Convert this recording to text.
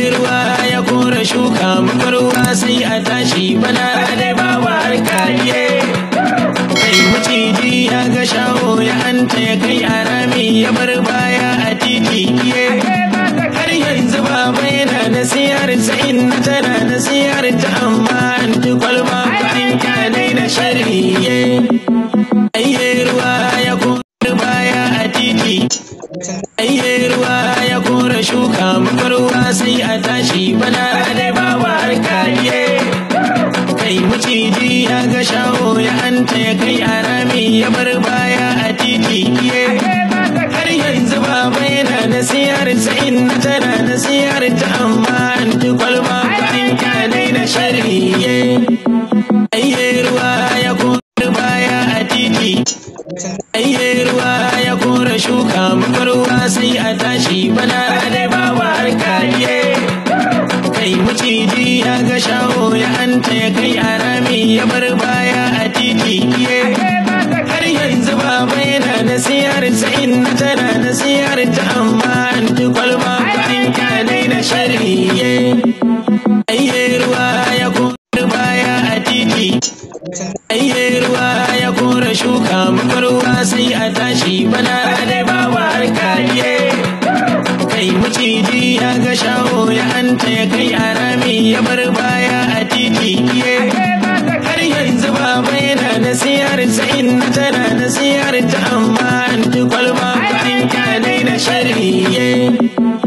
ruwa ya kora shuka muka sai a tashi bana da babu har kariye kai maciji ya ga shawo ya hanta ya kai a rami ya bar baya a titi biye har yanzu baba na nasihar sa na tana nasihar ta amma an kwalba ba an kyanai na shari'iye sai a tashi bana da ba wa kariye kai maciji ya ga shawo ya anta ya kai rami ya bar baya a titi har yanzu baba na nasihar in na tana nasihar ta amma an ji kwalba ba kyanai na shariye ayye ruwa ya a titi ruwa ya kora shuka makarwa sai a tashi bana da bawa har ga shawo ya hanta ya kai rami ya bar baya a titi har yanzu baba yana nasihar na inna tana nasihar ta amma an ji kwalba ka an kyale na shari'e ayye ruwa ya kore baya a titi ayye ruwa ya kore shuka makarwa sai a tashi bana maciji ya ga shawo ya anta ya kai a rami ya bar baya a titi har yanzu baba yana nasiyar ta inna tana nasihar ta amma an kwalba ba an kyale shari'a